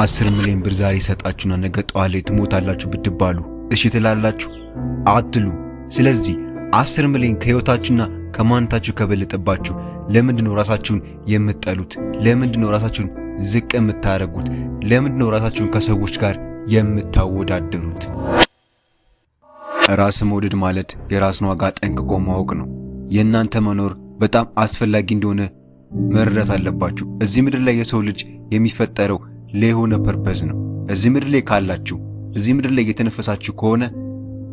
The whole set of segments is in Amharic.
አስር ሚሊዮን ብር ዛሬ ይሰጣችሁና ነገ ጠዋት ላይ ትሞታላችሁ ብትባሉ እሺ ትላላችሁ አትሉ። ስለዚህ አስር ሚሊዮን ከህይወታችሁና ከማንታችሁ ከበለጠባችሁ ለምንድን ነው ራሳችሁን የምትጠሉት? ለምንድን ነው ራሳችሁን ዝቅ የምታደርጉት? ለምንድን ነው ራሳችሁን ከሰዎች ጋር የምታወዳደሩት? ራስ መውደድ ማለት የራስን ዋጋ ጠንቅቆ ማወቅ ነው። የእናንተ መኖር በጣም አስፈላጊ እንደሆነ መረዳት አለባችሁ። እዚህ ምድር ላይ የሰው ልጅ የሚፈጠረው ለሆነ ፐርፐዝ ነው። እዚህ ምድር ላይ ካላችሁ፣ እዚህ ምድር ላይ እየተነፈሳችሁ ከሆነ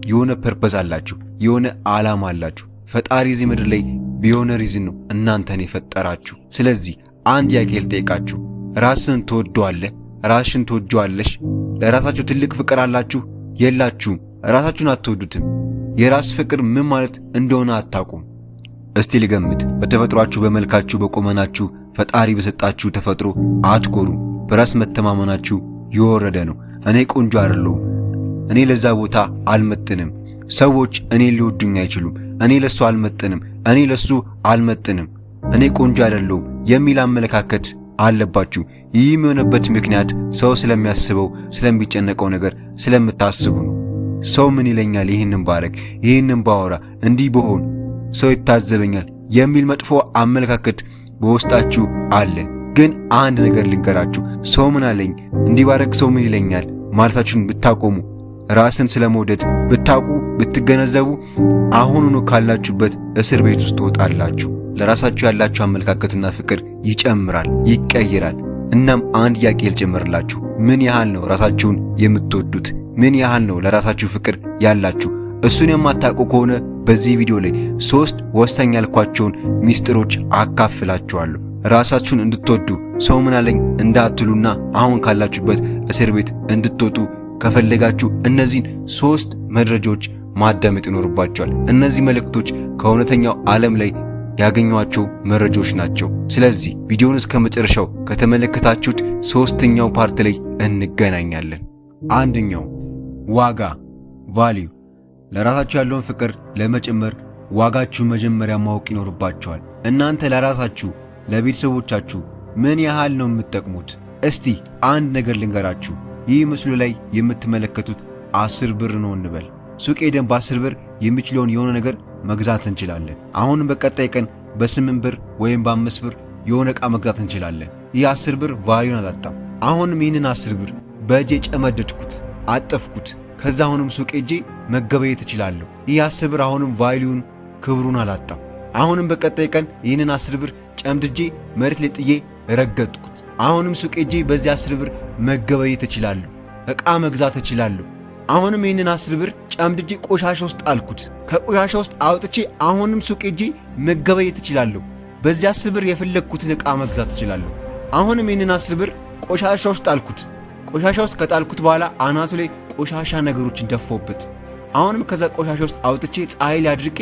የሆነ ፐርፐዝ አላችሁ፣ የሆነ ዓላማ አላችሁ። ፈጣሪ እዚህ ምድር ላይ በየሆነ ሪዝን ነው እናንተን የፈጠራችሁ። ስለዚህ አንድ ያቄል ጠይቃችሁ ራስን ትወደዋለህ? ራስሽን ትወጂዋለሽ? ለራሳችሁ ትልቅ ፍቅር አላችሁ? የላችሁም። ራሳችሁን አትወዱትም። የራስ ፍቅር ምን ማለት እንደሆነ አታውቁም። እስቲ ልገምት። በተፈጥሯችሁ፣ በመልካችሁ፣ በቁመናችሁ ፈጣሪ በሰጣችሁ ተፈጥሮ አትኮሩም። በራስ መተማመናችሁ የወረደ ነው። እኔ ቆንጆ አይደለሁም፣ እኔ ለዛ ቦታ አልመጥንም፣ ሰዎች እኔ ሊወዱኝ አይችሉም፣ እኔ ለሱ አልመጥንም፣ እኔ ለሱ አልመጥንም፣ እኔ ቆንጆ አይደለሁም የሚል አመለካከት አለባችሁ። ይህ የሚሆነበት ምክንያት ሰው ስለሚያስበው ስለሚጨነቀው ነገር ስለምታስቡ ነው። ሰው ምን ይለኛል፣ ይህንን ባረግ፣ ይህንን ባወራ፣ እንዲህ በሆን ሰው ይታዘበኛል የሚል መጥፎ አመለካከት በውስጣችሁ አለ። ግን አንድ ነገር ልንገራችሁ፣ ሰው ምን አለኝ እንዲህ ባረግ ሰው ምን ይለኛል ማለታችሁን ብታቆሙ፣ ራስን ስለመውደድ ብታውቁ፣ ብትገነዘቡ አሁኑኑ ካላችሁበት እስር ቤት ውስጥ ትወጣላችሁ። ለራሳችሁ ያላችሁ አመለካከትና ፍቅር ይጨምራል፣ ይቀይራል። እናም አንድ ጥያቄ ልጨምርላችሁ። ምን ያህል ነው ራሳችሁን የምትወዱት? ምን ያህል ነው ለራሳችሁ ፍቅር ያላችሁ? እሱን የማታውቁ ከሆነ በዚህ ቪዲዮ ላይ ሶስት ወሳኝ ያልኳቸውን ሚስጥሮች አካፍላችኋለሁ። ራሳችሁን እንድትወዱ ሰው ምን አለኝ እንዳትሉና አሁን ካላችሁበት እስር ቤት እንድትወጡ ከፈለጋችሁ እነዚህን ሶስት መረጃዎች ማዳመጥ ይኖርባቸዋል። እነዚህ መልእክቶች ከእውነተኛው ዓለም ላይ ያገኟቸው መረጃዎች ናቸው። ስለዚህ ቪዲዮውን እስከ መጨረሻው ከተመለከታችሁት ሶስተኛው ፓርት ላይ እንገናኛለን። አንደኛው ዋጋ ቫሊዩ፣ ለራሳችሁ ያለውን ፍቅር ለመጨመር ዋጋችሁ መጀመሪያ ማወቅ ይኖርባቸዋል። እናንተ ለራሳችሁ ለቤተሰቦቻችሁ ምን ያህል ነው የምትጠቅሙት? እስቲ አንድ ነገር ልንገራችሁ። ይህ ምስሉ ላይ የምትመለከቱት አስር ብር ነው እንበል። ሱቅ ሄደን በአስር ብር የሚችለውን የሆነ ነገር መግዛት እንችላለን። አሁንም በቀጣይ ቀን በስምንት ብር ወይም በአምስት ብር የሆነ ዕቃ መግዛት እንችላለን። ይህ አስር ብር ቫሊዩን አላጣም። አሁንም ይህንን አስር ብር በእጄ ጨመደድኩት፣ አጠፍኩት። ከዛ አሁንም ሱቅ ሄጄ መገበየት እችላለሁ። ይህ አስር ብር አሁንም ቫሊዩን ክብሩን አላጣም። አሁንም በቀጣይ ቀን ይህንን አስር ብር ጠምድጄ መሬት ላይ ጥዬ ረገጥኩት። አሁንም ሱቅ ሄጄ በዚህ አስር ብር መገበየት እችላለሁ፣ ዕቃ መግዛት እችላለሁ። አሁንም ይህንን አስር ብር ጨምድጄ ቆሻሻ ውስጥ አልኩት። ከቆሻሻ ውስጥ አውጥቼ አሁንም ሱቅ ሄጄ መገበየት እችላለሁ። በዚህ አስር ብር የፈለግኩትን ዕቃ መግዛት እችላለሁ። አሁንም ይህንን አስር ብር ቆሻሻ ውስጥ አልኩት። ቆሻሻ ውስጥ ከጣልኩት በኋላ አናቱ ላይ ቆሻሻ ነገሮችን ደፎበት። አሁንም ከዛ ቆሻሻ ውስጥ አውጥቼ ፀሐይ ላይ አድርቄ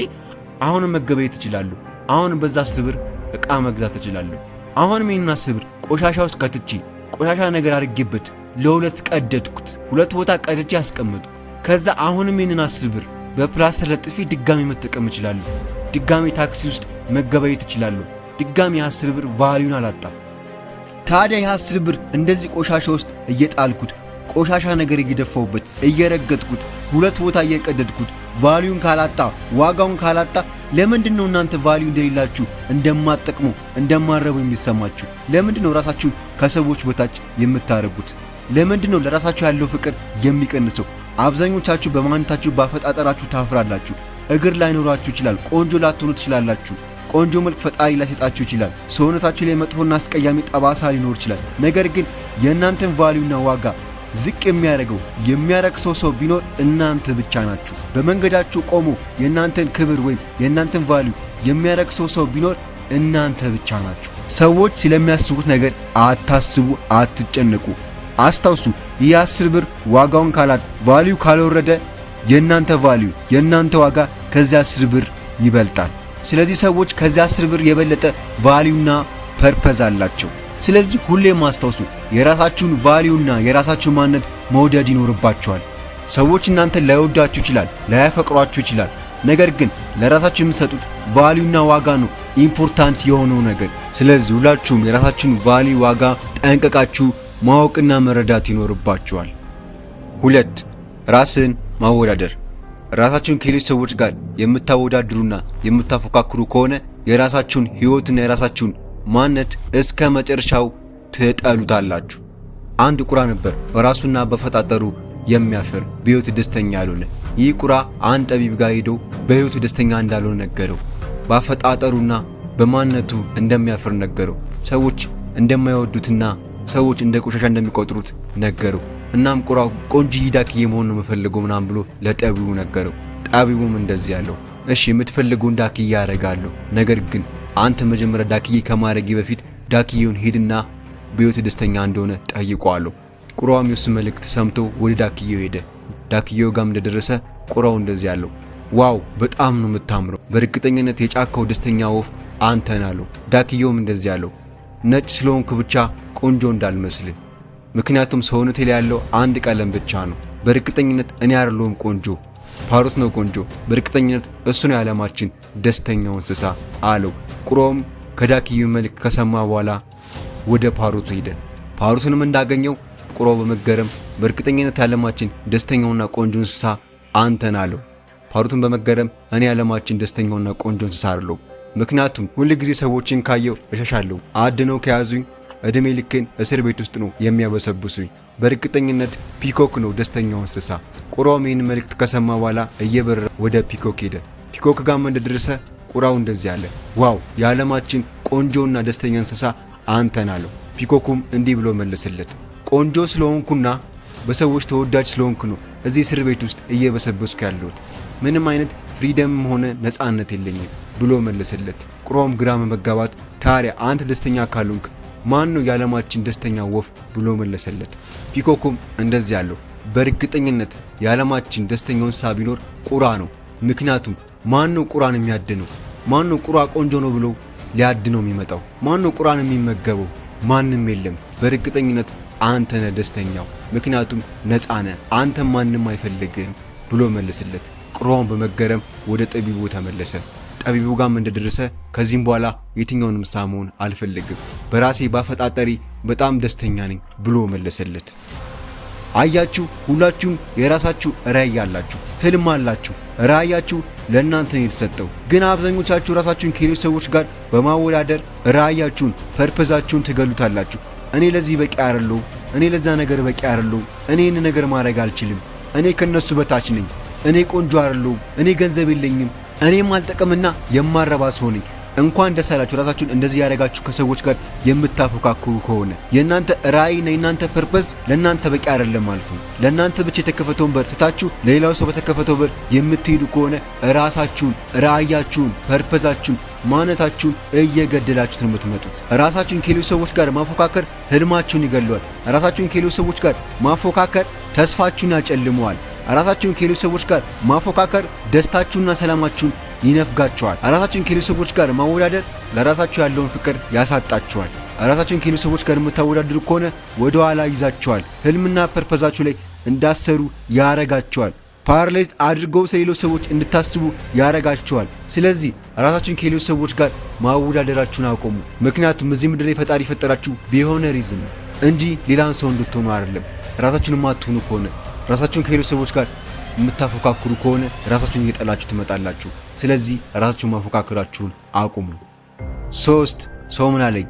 አሁንም መገበየት እችላለሁ። አሁንም በዛ አስር ብር እቃ መግዛት እችላለሁ። አሁን ሜንና ስብር ቆሻሻ ውስጥ ከትቼ ቆሻሻ ነገር አድርጌበት ለሁለት ቀደድኩት። ሁለት ቦታ ቀድቼ አስቀምጡ ከዛ አሁን ይህንን ስብር በፕላስተር ለጥፌ ድጋሚ መጠቀም እችላለሁ። ድጋሚ ታክሲ ውስጥ መገበየት እችላለሁ። ድጋሚ የአስር ብር ቫሊዩን አላጣ። ታዲያ የአስር ብር እንደዚህ ቆሻሻ ውስጥ እየጣልኩት፣ ቆሻሻ ነገር እየደፋውበት፣ እየረገጥኩት፣ ሁለት ቦታ እየቀደድኩት ቫሊዩን ካላጣ ዋጋውን ካላጣ ለምንድን ነው እናንተ ቫልዩ እንደሌላችሁ እንደማትጠቅሙ እንደማረቡ የሚሰማችሁ? ለምንድን ነው ራሳችሁ ከሰዎች በታች የምታረጉት? ለምንድን ነው ለራሳችሁ ያለው ፍቅር የሚቀንሰው? አብዛኞቻችሁ በማንነታችሁ ባፈጣጠራችሁ ታፍራላችሁ። እግር ላይኖራችሁ ይችላል። ቆንጆ ላትሆኑ ትችላላችሁ። ቆንጆ መልክ ፈጣሪ ላይሰጣችሁ ይችላል። ሰውነታችሁ ላይ መጥፎና አስቀያሚ ጠባሳ ሊኖር ይችላል። ነገር ግን የእናንተን ቫልዩና ዋጋ ዝቅ የሚያደርገው የሚያረክሰው ሰው ቢኖር እናንተ ብቻ ናችሁ። በመንገዳችሁ ቆሞ የእናንተን ክብር ወይም የእናንተን ቫልዩ የሚያረክሰው ሰው ቢኖር እናንተ ብቻ ናችሁ። ሰዎች ስለሚያስቡት ነገር አታስቡ፣ አትጨነቁ። አስታውሱ፣ ይህ አስር ብር ዋጋውን ካላት ቫልዩ ካልወረደ የእናንተ ቫልዩ የእናንተ ዋጋ ከዚያ አስር ብር ይበልጣል። ስለዚህ ሰዎች ከዚያ አስር ብር የበለጠ ቫልዩና ፐርፐዝ አላቸው። ስለዚህ ሁሌም ማስታወሱ የራሳችሁን ቫሊዩና የራሳችሁን ማንነት መውደድ ይኖርባችኋል። ሰዎች እናንተ ላይወዳችሁ ይችላል፣ ላያፈቅሯችሁ ይችላል። ነገር ግን ለራሳችሁ የምትሰጡት ቫሊዩና ዋጋ ነው ኢምፖርታንት የሆነው ነገር። ስለዚህ ሁላችሁም የራሳችሁን ቫሊዩ ዋጋ ጠንቀቃችሁ ማወቅና መረዳት ይኖርባችኋል። ሁለት ራስን ማወዳደር ራሳችሁን ከሌሎች ሰዎች ጋር የምታወዳድሩና የምታፎካክሩ ከሆነ የራሳችሁን ህይወትና የራሳችሁን ማነት እስከ መጨረሻው ትጠሉታላችሁ። አንድ ቁራ ነበር በራሱና በፈጣጠሩ የሚያፍር በሕይወቱ ደስተኛ ያልሆነ። ይህ ቁራ አንድ ጠቢብ ጋር ሄዶ በሕይወቱ ደስተኛ እንዳልሆነ ነገረው። በአፈጣጠሩና በማነቱ እንደሚያፍር ነገረው። ሰዎች እንደማይወዱትና ሰዎች እንደ ቆሻሻ እንደሚቆጥሩት ነገረው። እናም ቁራው ቆንጅዬ ዳክዬ መሆን ነው የምፈልገው ምናምን ብሎ ለጠቢቡ ነገረው። ጠቢቡም እንደዚህ ያለው እሺ የምትፈልገው ዳክዬ ያደርጋለሁ፣ ነገር ግን አንተ መጀመሪያ ዳክዬ ከማድረጌ በፊት ዳክዬውን ሄድና በህይወት ደስተኛ እንደሆነ ጠይቋለሁ። ቁራሚውስ መልእክት ሰምቶ ወደ ዳክዬው ሄደ። ዳክዬው ጋም እንደደረሰ ቁራው እንደዚህ አለው። ዋው በጣም ነው የምታምረው፣ በእርግጠኝነት የጫካው ደስተኛ ወፍ አንተን አለው። ዳክዬውም እንደዚህ አለው፣ ነጭ ስለሆንክ ብቻ ቆንጆ እንዳልመስል፣ ምክንያቱም ሰውነቴ ላይ ያለው አንድ ቀለም ብቻ ነው። በእርግጠኝነት እኔ አይደለሁም ቆንጆ ፓሮት ነው ቆንጆ፣ በእርግጠኝነት እሱ ነው የዓለማችን ደስተኛው እንስሳ አለው። ቁሮም ከዳክዩ መልክ ከሰማ በኋላ ወደ ፓሮቱ ሄደ። ፓሮቱንም እንዳገኘው ቁሮ በመገረም በእርግጠኝነት የዓለማችን ደስተኛውና ቆንጆ እንስሳ አንተን አለው። ፓሮቱን በመገረም እኔ የዓለማችን ደስተኛውና ቆንጆ እንስሳ አለው፣ ምክንያቱም ሁል ጊዜ ሰዎችን ካየው እሸሻለሁ፣ አድነው ከያዙኝ እድሜ ልኬን እስር ቤት ውስጥ ነው የሚያበሰብሱኝ። በእርግጠኝነት ፒኮክ ነው ደስተኛው እንስሳ። ቁራውም ይህን መልእክት ከሰማ በኋላ እየበረረ ወደ ፒኮክ ሄደ። ፒኮክ ጋም እንደደረሰ ቁራው እንደዚህ አለ፣ ዋው የዓለማችን ቆንጆና ደስተኛ እንስሳ አንተን አለው። ፒኮኩም እንዲህ ብሎ መለሰለት፣ ቆንጆ ስለሆንኩና በሰዎች ተወዳጅ ስለሆንኩ ነው እዚህ እስር ቤት ውስጥ እየበሰበስኩ ያለሁት። ምንም አይነት ፍሪደምም ሆነ ነፃነት የለኝም ብሎ መለሰለት። ቁራውም ግራ መጋባት፣ ታዲያ አንተ ደስተኛ ካልሆንክ ማን ነው የዓለማችን ደስተኛ ወፍ ብሎ መለሰለት። ፒኮኩም እንደዚህ ያለው በእርግጠኝነት የዓለማችን ደስተኛ እንስሳ ቢኖር ቁራ ነው። ምክንያቱም ማን ነው ቁራን የሚያድነው? ማን ነው ቁራ ቆንጆ ነው ብሎ ሊያድነው የሚመጣው? ማን ነው ቁራን የሚመገበው? ማንም የለም። በእርግጠኝነት አንተ ነህ ደስተኛው፣ ምክንያቱም ነፃ ነህ፣ አንተ ማንም አይፈልግህም ብሎ መለስለት። ቁራውን በመገረም ወደ ጠቢቡ ተመለሰ። ጠቢቡ ጋም እንደደረሰ ከዚህም በኋላ የትኛውንም ምሳ መሆን አልፈልግም፣ በራሴ ባፈጣጠሪ በጣም ደስተኛ ነኝ ብሎ መለሰለት። አያችሁ፣ ሁላችሁም የራሳችሁ ራዕይ አላችሁ፣ ህልም አላችሁ። ራዕያችሁ ለእናንተ ነው የተሰጠው። ግን አብዛኞቻችሁ ራሳችሁን ከሌሎች ሰዎች ጋር በማወዳደር ራዕያችሁን፣ ፐርፐዛችሁን ትገሉታላችሁ። እኔ ለዚህ በቂ አይደለሁ፣ እኔ ለዛ ነገር በቂ አይደለሁ፣ እኔ ይህን ነገር ማድረግ አልችልም፣ እኔ ከነሱ በታች ነኝ፣ እኔ ቆንጆ አይደለሁ፣ እኔ ገንዘብ የለኝም፣ እኔም አልጠቅምና የማረባ ሰው ነኝ። እንኳን ደስ ራሳችሁን እንደዚህ ያደረጋችሁ ከሰዎች ጋር የምታፎካክሩ ከሆነ የእናንተ ራዕይና የእናንተ ፐርፐስ ለእናንተ በቂ አይደለም ማለት ነው። ለእናንተ ብቻ የተከፈተውን በር ትታችሁ ለሌላው ሰው በተከፈተው በር የምትሄዱ ከሆነ ራሳችሁን፣ ራዕያችሁን፣ ፐርፐሳችሁን ማነታችሁን እየገደላችሁት ነው የምትመጡት። ራሳችሁን ከሌሎች ሰዎች ጋር ማፎካከር ህልማችሁን ይገለዋል። ራሳችሁን ከሌሎች ሰዎች ጋር ማፎካከር ተስፋችሁን ያጨልመዋል። ራሳችሁን ከሌሎች ሰዎች ጋር ማፎካከር ደስታችሁና ሰላማችሁን ይነፍጋችኋል። ራሳችሁን ከሌሎች ሰዎች ጋር ማወዳደር ለራሳችሁ ያለውን ፍቅር ያሳጣችኋል። ራሳችሁን ከሌሎች ሰዎች ጋር የምታወዳድሩ ከሆነ ወደ ኋላ ይዛችኋል። ህልምና ፐርፐዛችሁ ላይ እንዳሰሩ ያረጋችኋል። ፓራላይዝ አድርገው ስለሌሎች ሰዎች እንድታስቡ ያረጋችኋል። ስለዚህ ራሳችሁን ከሌሎች ሰዎች ጋር ማወዳደራችሁን አቆሙ። ምክንያቱም እዚህ ምድር ላይ ፈጣሪ የፈጠራችሁ ቢሆነ ሪዝን እንጂ ሌላን ሰው እንድትሆኑ አይደለም። ራሳችሁን የማትሆኑ ከሆነ ራሳችሁን ከሌሎች ሰዎች ጋር የምታፎካክሩ ከሆነ ራሳችሁን እየጠላችሁ ትመጣላችሁ። ስለዚህ ራሳችሁን ማፎካክራችሁን አቁሙ። ሶስት ሰው ምን አለኝ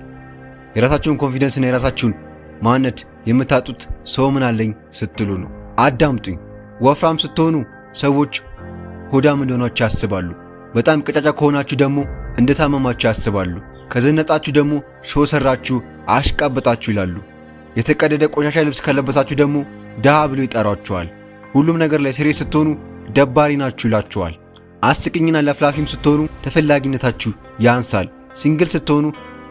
የራሳችሁን ኮንፊደንስና የራሳችሁን ማነት የምታጡት ሰው ምን አለኝ ስትሉ ነው። አዳምጡኝ። ወፍራም ስትሆኑ ሰዎች ሆዳም እንደሆናችሁ ያስባሉ። በጣም ቀጫጫ ከሆናችሁ ደግሞ እንደታመማችሁ ያስባሉ። ከዘነጣችሁ ደግሞ ሾ ሰራችሁ፣ አሽቃበጣችሁ ይላሉ። የተቀደደ ቆሻሻ ልብስ ከለበሳችሁ ደግሞ ድሃ ብሎ ይጠሯቸዋል። ሁሉም ነገር ላይ ስሬ ስትሆኑ ደባሪ ናችሁ ይላችኋል። አስቅኝና ለፍላፊም ስትሆኑ ተፈላጊነታችሁ ያንሳል። ሲንግል ስትሆኑ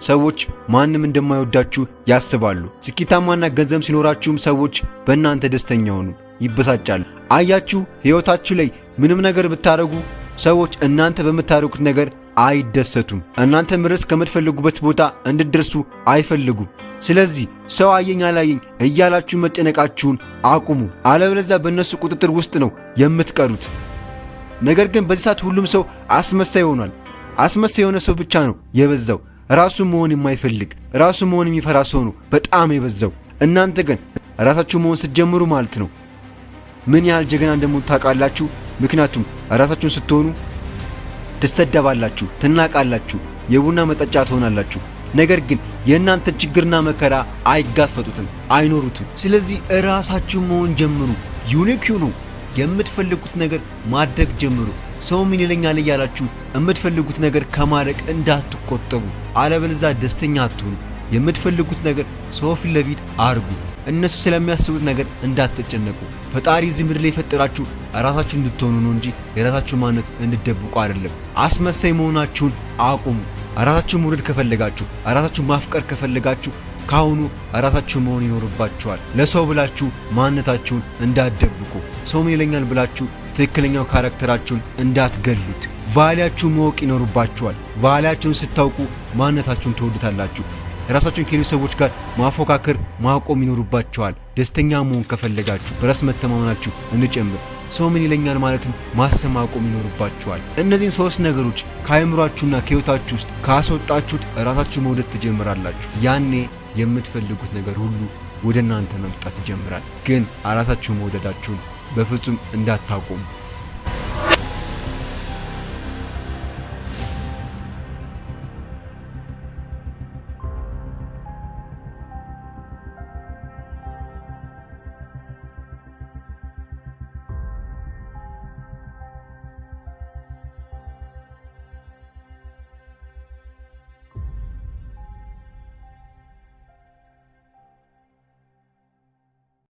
ሰዎች ማንም እንደማይወዳችሁ ያስባሉ። ስኬታማና ገንዘብ ሲኖራችሁም ሰዎች በእናንተ ደስተኛ ሆኑ ይበሳጫሉ። አያችሁ፣ ሕይወታችሁ ላይ ምንም ነገር ብታደርጉ ሰዎች እናንተ በምታደርጉት ነገር አይደሰቱም። እናንተ ምረስ ከምትፈልጉበት ቦታ እንድትደርሱ አይፈልጉም። ስለዚህ ሰው አየኝ አላየኝ እያላችሁ መጨነቃችሁን አቁሙ። አለበለዚያ በእነሱ ቁጥጥር ውስጥ ነው የምትቀሩት። ነገር ግን በዚህ ሰዓት ሁሉም ሰው አስመሳይ ሆኗል። አስመሳይ የሆነ ሰው ብቻ ነው የበዛው። ራሱ መሆን የማይፈልግ ራሱ መሆን የሚፈራ ሰው ነው በጣም የበዛው። እናንተ ግን ራሳችሁ መሆን ስትጀምሩ ማለት ነው ምን ያህል ጀግና እንደምትሆኑ ታውቃላችሁ። ምክንያቱም ራሳችሁን ስትሆኑ ትሰደባላችሁ፣ ትናቃላችሁ፣ የቡና መጠጫ ትሆናላችሁ። ነገር ግን የእናንተን ችግርና መከራ አይጋፈጡትም፣ አይኖሩትም። ስለዚህ እራሳችሁ መሆን ጀምሩ፣ ዩኒክ ሁኑ፣ የምትፈልጉት ነገር ማድረግ ጀምሩ። ሰው ምን ይለኛል እያላችሁ የምትፈልጉት ነገር ከማድረግ እንዳትቆጠቡ፣ አለበለዚያ ደስተኛ አትሆኑ። የምትፈልጉት ነገር ሰው ፊት ለፊት አርጉ። እነሱ ስለሚያስቡት ነገር እንዳትጨነቁ። ፈጣሪ እዚህ ምድር ላይ የፈጠራችሁ ራሳችሁ እንድትሆኑ ነው እንጂ የራሳችሁ ማነት እንድደብቁ አይደለም። አስመሳይ መሆናችሁን አቁሙ። አራሳችሁ መውደድ ከፈለጋችሁ፣ አራሳችሁ ማፍቀር ከፈለጋችሁ ካሁኑ አራሳችሁ መሆን ይኖርባችኋል። ለሰው ብላችሁ ማንነታችሁን እንዳትደብቁ። ሰው ምን ይለኛል ብላችሁ ትክክለኛው ካራክተራችሁን እንዳትገሉት። ቫሊያችሁ ማወቅ ይኖርባችኋል። ቫሊያችሁን ስታውቁ ማንነታችሁን ትወዱታላችሁ። ራሳችሁን ከሌሎች ሰዎች ጋር ማፎካከር ማቆም ይኖርባችኋል። ደስተኛ መሆን ከፈለጋችሁ በራስ መተማመናችሁ እንጨምር። ሰው ምን ይለኛል ማለትም ማሰብ ማቆም ይኖርባችኋል። እነዚህን ሶስት ነገሮች ከአእምሯችሁና ከህይወታችሁ ውስጥ ካስወጣችሁት ራሳችሁ መውደድ ትጀምራላችሁ። ያኔ የምትፈልጉት ነገር ሁሉ ወደ እናንተ መምጣት ይጀምራል። ግን ራሳችሁ መውደዳችሁን በፍጹም እንዳታቆሙ።